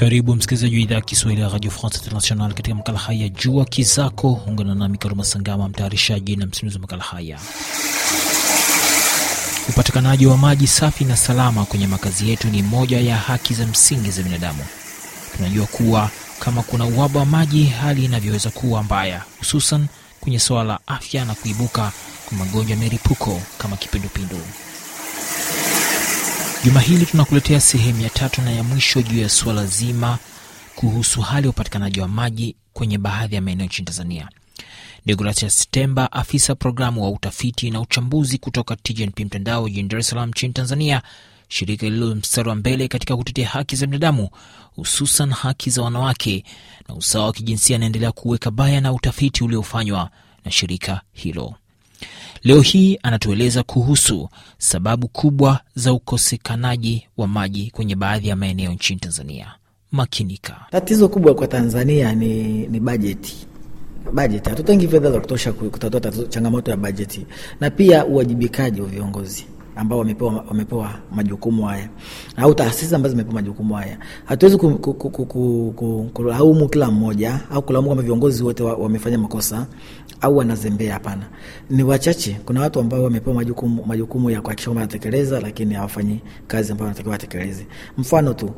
Karibu msikilizaji wa idhaa ya Kiswahili ya Radio France International katika makala haya Jua Kizako. Ungana nami Karuma Sangama, mtayarishaji na msimuzi wa makala haya. Upatikanaji wa maji safi na salama kwenye makazi yetu ni moja ya haki za msingi za binadamu. Tunajua kuwa kama kuna uhaba wa maji, hali inavyoweza kuwa mbaya, hususan kwenye suala la afya na kuibuka kwa magonjwa ya kama kipindupindu. Juma hili tunakuletea sehemu ya tatu na ya mwisho juu ya suala zima kuhusu hali ya upatikanaji wa maji kwenye baadhi ya maeneo nchini Tanzania. Deogratias Temba, afisa programu wa utafiti na uchambuzi kutoka TGNP mtandao jijini dares salam Salaam nchini Tanzania, shirika lililo mstari wa mbele katika kutetea haki za binadamu hususan haki za wanawake na usawa wa kijinsia, anaendelea kuweka baya na utafiti uliofanywa na shirika hilo. Leo hii anatueleza kuhusu sababu kubwa za ukosekanaji wa maji kwenye baadhi ya maeneo nchini Tanzania. Makinika. Tatizo kubwa kwa Tanzania ni, ni bajeti bajeti hatutengi fedha za kutosha kutatua changamoto ya bajeti, na pia uwajibikaji wa viongozi ambao wamepewa, wamepewa majukumu haya au taasisi ambazo zimepewa majukumu haya. Hatuwezi kulaumu kila mmoja au kulaumu kama viongozi wote wamefanya wa makosa au wanazembea. Hapana, ni wachache. Kuna watu ambao wamepewa majukumu, majukumu ya kuhakikisha kwamba wanatekeleza, lakini hawafanyi kazi ambayo wanatakiwa watekeleze. Mfano tu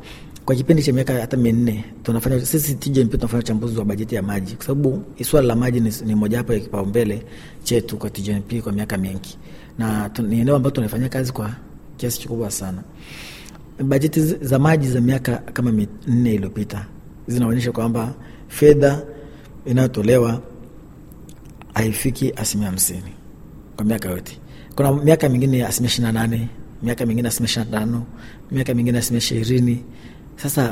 kwa kipindi cha miaka hata minne tunafanya sisi TGMP tunafanya uchambuzi wa bajeti ya maji, kwa sababu swala la maji ni, ni mojawapo ya kipaumbele chetu kwa TGMP kwa miaka mingi na ni eneo ambalo tunafanyia kazi kwa kiasi kikubwa sana. Bajeti za maji za miaka kama minne iliyopita zinaonyesha kwamba fedha inayotolewa haifiki asilimia hamsini kwa miaka yote. Kuna miaka mingine asilimia ishirini na nane miaka mingine asilimia ishirini na tano miaka mingine asilimia ishirini Sasa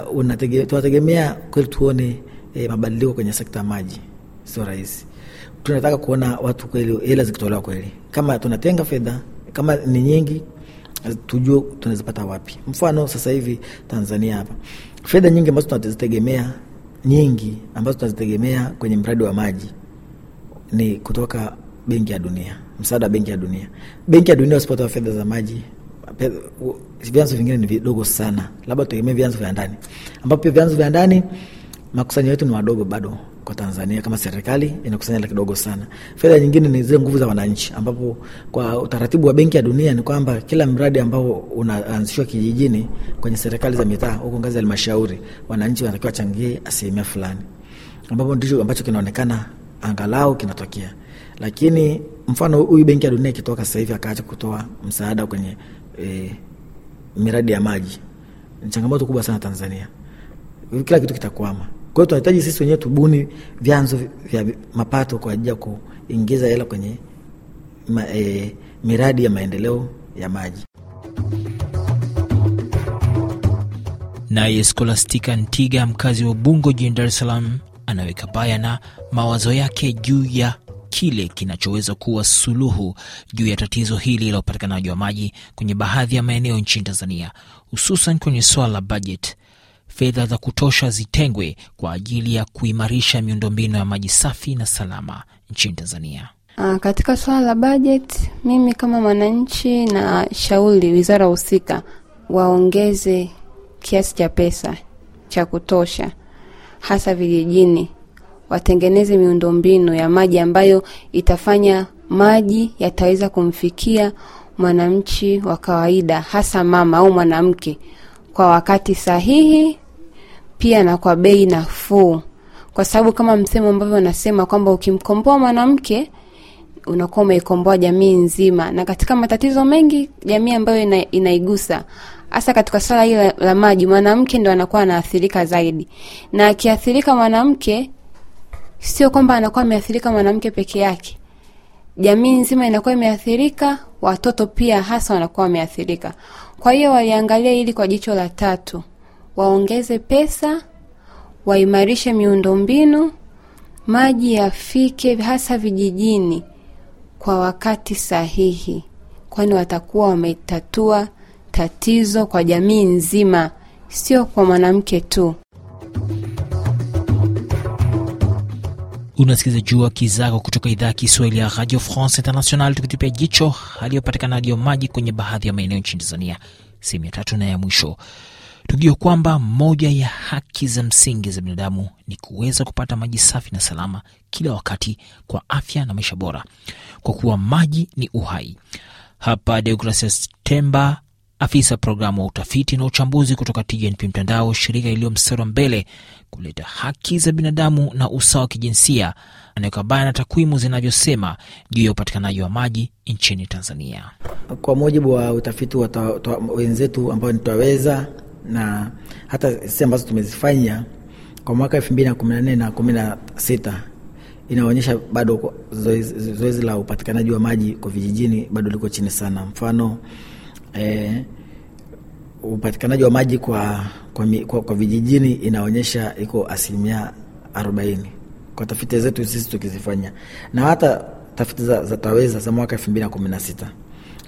tunategemea kweli tuone e, mabadiliko kwenye sekta ya maji, sio rahisi tunataka kuona watu kweli hela zikitolewa kweli, kama tunatenga fedha kama ni nyingi tujue tunazipata wapi. Mfano sasa hivi Tanzania hapa fedha nyingi ambazo tunazitegemea nyingi ambazo tunazitegemea kwenye mradi wa maji ni kutoka Benki ya Dunia, msaada wa Benki ya Dunia. Benki ya Dunia wasipotoa fedha za maji, vyanzo vingine ni vidogo sana, labda tutegemee vyanzo vya ndani, ambapo pia vyanzo vya ndani makusanyo yetu ni wadogo bado kwa Tanzania kama serikali inakusanya hela kidogo sana. Fedha nyingine ni zile nguvu za wananchi, ambapo kwa utaratibu wa Benki ya Dunia ni kwamba kila mradi ambao unaanzishwa kijijini kwenye serikali za mitaa, huko ngazi ya halmashauri, wananchi wanatakiwa changie asilimia fulani, ambapo ndicho ambacho kinaonekana angalau kinatokea. Lakini mfano huyu Benki ya Dunia ikitoka sasa hivi akaacha kutoa msaada kwenye e, miradi ya maji, ni changamoto kubwa sana Tanzania, kila kitu kitakwama kwa hiyo tunahitaji sisi wenyewe tubuni vyanzo vya mapato kwa ajili ya kuingiza hela kwenye ma, e, miradi ya maendeleo ya maji. Naye Skolastika Ntiga, mkazi wa Ubungo jijini Dar es Salaam, anaweka bayana mawazo yake juu ya kile kinachoweza kuwa suluhu juu ya tatizo hili la upatikanaji wa maji kwenye baadhi ya maeneo nchini Tanzania, hususan kwenye swala la bajeti fedha za kutosha zitengwe kwa ajili ya kuimarisha miundombinu ya maji safi na salama nchini Tanzania. Aa, ah, katika suala la bajeti, mimi kama mwananchi na shauri wizara husika waongeze kiasi cha pesa cha kutosha, hasa vijijini, watengeneze miundombinu ya maji ambayo itafanya maji yataweza kumfikia mwananchi wa kawaida, hasa mama au mwanamke kwa wakati sahihi pia na kwa bei nafuu, kwa sababu kama msemo ambavyo unasema kwamba ukimkomboa mwanamke unakuwa umeikomboa jamii nzima. Na katika matatizo mengi jamii ambayo ina, inaigusa hasa katika swala hili la, la maji, mwanamke ndo anakuwa anaathirika zaidi, na akiathirika mwanamke, sio kwamba anakuwa ameathirika mwanamke peke yake, jamii nzima inakuwa imeathirika, watoto pia hasa wanakuwa wameathirika. Kwa hiyo waliangalia hili kwa jicho la tatu waongeze pesa, waimarishe miundombinu, maji yafike hasa vijijini kwa wakati sahihi, kwani watakuwa wametatua tatizo kwa jamii nzima, sio kwa mwanamke tu. Unasikiliza Jua Kizako kutoka idhaa ya Kiswahili ya Radio France International, tukitupia jicho hali wa maji kwenye baadhi ya maeneo nchini Tanzania, sehemu ya tatu na ya mwisho. Tujue kwamba moja ya haki za msingi za binadamu ni kuweza kupata maji safi na salama kila wakati kwa afya na maisha bora, kwa kuwa maji ni uhai. Hapa Deogratias Temba, afisa programu wa utafiti na uchambuzi kutoka TGNP Mtandao, shirika iliyo mbele kuleta haki za binadamu na usawa wa kijinsia, anayokabana na takwimu zinavyosema juu ya upatikanaji wa maji nchini Tanzania. Kwa mujibu wa utafiti wa wenzetu ambao nitaweza na hata sisi ambazo tumezifanya kwa mwaka elfu mbili na kumi na nne na kumi na sita inaonyesha bado zoezi, zoezi la upatikanaji wa maji kwa vijijini bado liko chini sana. Mfano eh, upatikanaji wa maji kwa, kwa, kwa, kwa vijijini inaonyesha iko asilimia arobaini kwa tafiti zetu sisi tukizifanya, na hata tafiti za, za TAWEZA za mwaka elfu mbili na kumi na sita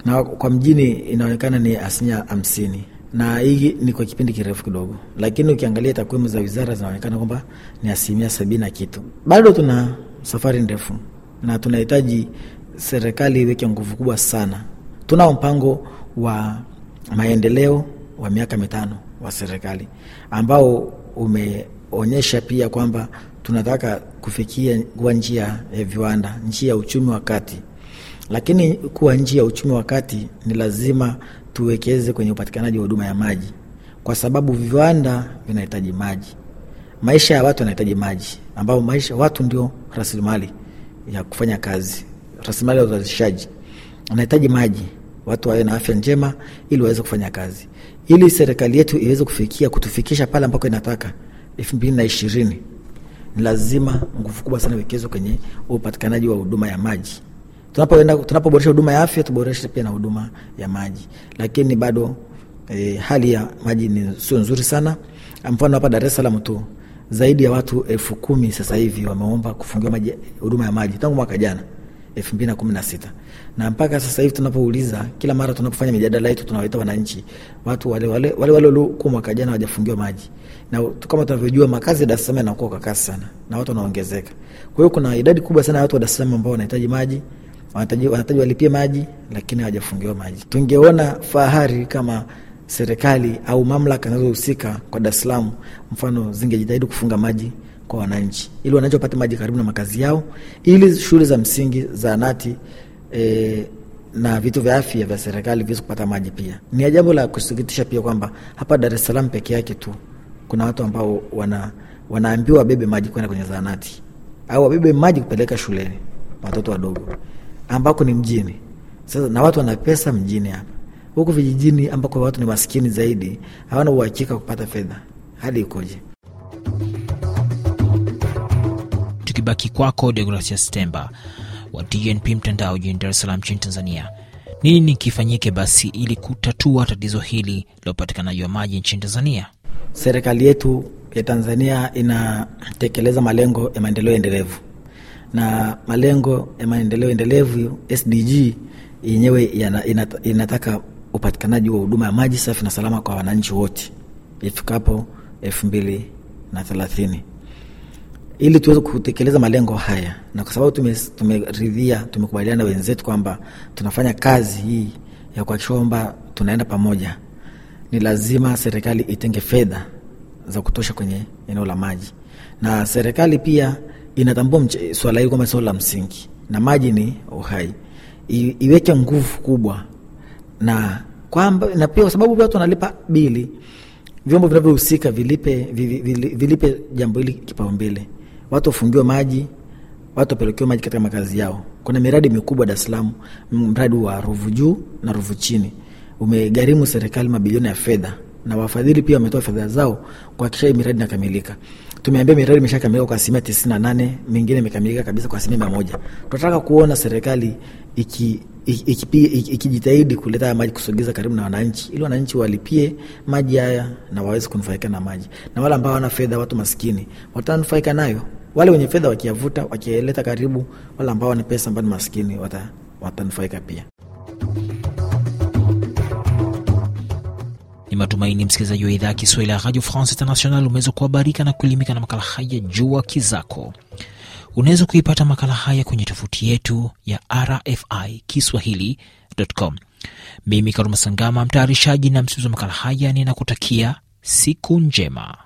na kwa mjini inaonekana ni asilimia hamsini na hii ni kwa kipindi kirefu kidogo, lakini ukiangalia takwimu za wizara zinaonekana kwamba ni asilimia sabini na kitu. Bado tuna safari ndefu na tunahitaji serikali iweke nguvu kubwa sana. Tunao mpango wa maendeleo wa miaka mitano wa serikali ambao umeonyesha pia kwamba tunataka kufikia kuwa njia ya viwanda, njia ya uchumi wa kati. Lakini kuwa nchi ya uchumi wa kati, ni lazima tuwekeze kwenye upatikanaji wa huduma ya maji, kwa sababu viwanda vinahitaji maji, maisha ya watu yanahitaji maji, ambao maisha watu ndio rasilimali ya kufanya kazi, rasilimali ya uzalishaji. Anahitaji maji, watu wawe na afya njema, ili waweze kufanya kazi, ili serikali yetu iweze kufikia kutufikisha pale ambako inataka elfu mbili na ishirini ni lazima nguvu kubwa sana iwekezwe kwenye upatikanaji wa huduma ya maji tunapoenda tunapoboresha huduma ya afya tuboreshe pia na huduma ya maji, lakini bado e, hali ya maji ni sio nzuri sana. Mfano hapa Dar es Salaam tu zaidi ya watu elfu kumi sasa hivi wameomba kufungiwa maji huduma ya maji tangu mwaka jana elfu mbili na kumi na sita na mpaka sasa hivi tunapouliza, kila mara tunapofanya mijadala yetu tunawaita wananchi, watu wale wale wale wale waliokuwa mwaka jana hawajafungiwa maji, na kama tunavyojua makazi Dar es Salaam yanakuwa kwa kasi sana na watu wanaongezeka. Kwa hiyo kuna idadi kubwa sana ya watu wa Dar es Salaam ambao wanahitaji maji wanahitaji walipie maji, lakini hawajafungiwa maji. Tungeona fahari kama serikali au mamlaka zinazohusika kwa Dar es Salaam, mfano zingejitahidi kufunga maji kwa wananchi, ili wananchi wapate maji karibu na makazi yao, ili shule za msingi, zahanati e, na vitu vya afya vya serikali viweze kupata maji pia. Ni jambo la kusikitisha pia kwamba hapa Dar es Salaam peke yake tu kuna watu ambao wana, wanaambiwa wabebe maji kwenda kwenye zahanati au wabebe maji kupeleka shuleni watoto wadogo ambako ni mjini sasa, na watu wana pesa mjini hapa. Huku vijijini ambako watu ni maskini zaidi, hawana uhakika kupata fedha. Hali ikoje? Tukibaki kwako, Deogratias Temba wa DNP mtandao jijini Dar es Salaam nchini Tanzania, nini kifanyike basi ili kutatua tatizo hili la upatikanaji wa maji nchini Tanzania? Serikali yetu ya Tanzania inatekeleza malengo ya maendeleo endelevu na malengo ya maendeleo endelevu SDG yenyewe inataka upatikanaji wa huduma ya maji safi na salama kwa wananchi wote ifikapo elfu mbili na thelathini ili tuweze kutekeleza malengo haya, na kwa sababu tumeridhia, tume tumekubaliana na wenzetu kwamba tunafanya kazi hii ya kuakisha kwamba tunaenda pamoja, ni lazima serikali itenge fedha za kutosha kwenye eneo la maji, na serikali pia inatambua swala hili kwamba sio la msingi na maji ni uhai, iweke nguvu kubwa na kwamba, na pia kwa sababu watu wanalipa bili, vyombo vinavyohusika vilipe, vilipe jambo hili kipaumbele. Watu wafungiwe maji, watu wapelekewe maji katika makazi yao. Kuna miradi mikubwa Dar es Salaam, mradi wa Ruvu juu na Ruvu chini umegharimu serikali mabilioni ya fedha na wafadhili pia wametoa fedha zao kuhakikisha hii miradi inakamilika. Tumeambia miradi imeshakamilika kwa asilimia tisini na nane, mingine imekamilika kabisa kwa asilimia mia moja. Tunataka kuona serikali ikijitahidi iki, iki, iki kuleta maji kusogeza karibu na wananchi, ili wananchi walipie maji haya na waweze kunufaika na maji, na wale ambao hawana fedha, watu maskini, watanufaika nayo. Wale wenye fedha wakiyavuta, wakieleta karibu, wale ambao wana pesa ambao ni maskini watanufaika pia. Ni matumaini msikilizaji wa idhaa ya Kiswahili ya Radio France International umeweza kuhabarika na kuelimika na makala haya jua kizako. Unaweza kuipata makala haya kwenye tofuti yetu ya RFI Kiswahili.com. Mimi Karuma Sangama, mtayarishaji na msimuzi wa makala haya, ninakutakia siku njema.